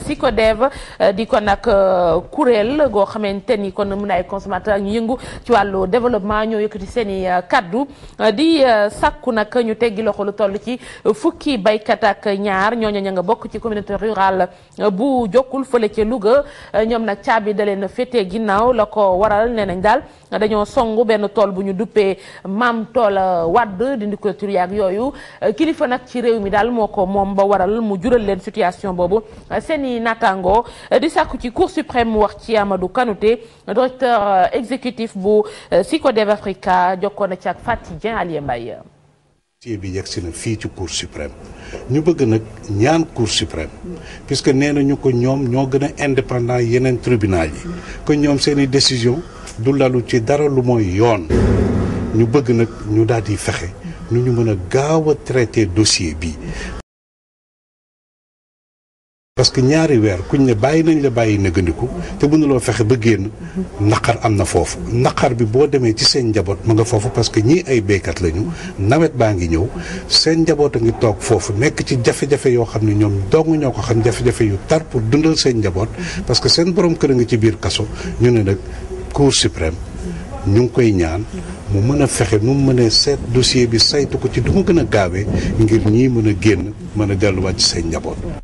SICODEV euh, di ko nag euh, kuréel goo xamante ni kon mun ay consommateur ñu yëngu ci wàllu développement ñoo yëkkati seen seeni euh, kaddu di sàkku nag ñu teggi loxo lu toll ci fukki baykat ak ñaar ñooñu ña nga bokk ci communauté rurale bu jokkul fële ca Louga ñoom nag caabi da leen féetee ginnaaw la ko waral nee nañ daal dañoo song benn tool bu ñu duppee maam tool wadd ko ndikulatur yaag yooyu kilifa nag ci réew mi daal moo ko moom ba waral mu jural leen situation boobu seeni naataango eh, di sàkku ci Cour suprême mu wax ci Amadou Kanouté directeur eh, exécutif bu eh, Sicodev Africa jokkoon na ci ak Faty Dieng Alié Mbaye dossier bi yegsi na fii ci cour suprême ñu bëgg nag ñaan cour suprême puisque nee nañu ko ñoom ñoo gën a indépendant yeneen tribunal yi que ñoom seen décision du lalu ci dara lu mooy yoon ñu bëgg nag ñu daal fexe nu ñu mën a gaaw a traité dossier bi parce que ñaari weer kuñ ne bàyyi nañ la bàyyi na gëndiku te mënuloo fexe ba génn naqar am na foofu naqar bi boo demee ci seen njaboot ma nga foofu parce que ñii ay béykat lañu nawet baa ngi ñëw seen njaboot a ngi toog foofu nekk ci jafe-jafe yoo xam ne ñoom dong ñoo ko xam jafe-jafe yu tar pour dundal seen njaboot parce que seen borom kër a ngi ci biir kaso ñu ne nag cour suprême ñu ngi koy ñaan mu mën a fexe nu mu mënee seet dossier bi saytu ko ci du mu gën a gaawee ngir ñii mën a génn mën a delluwaat ci seen njaboot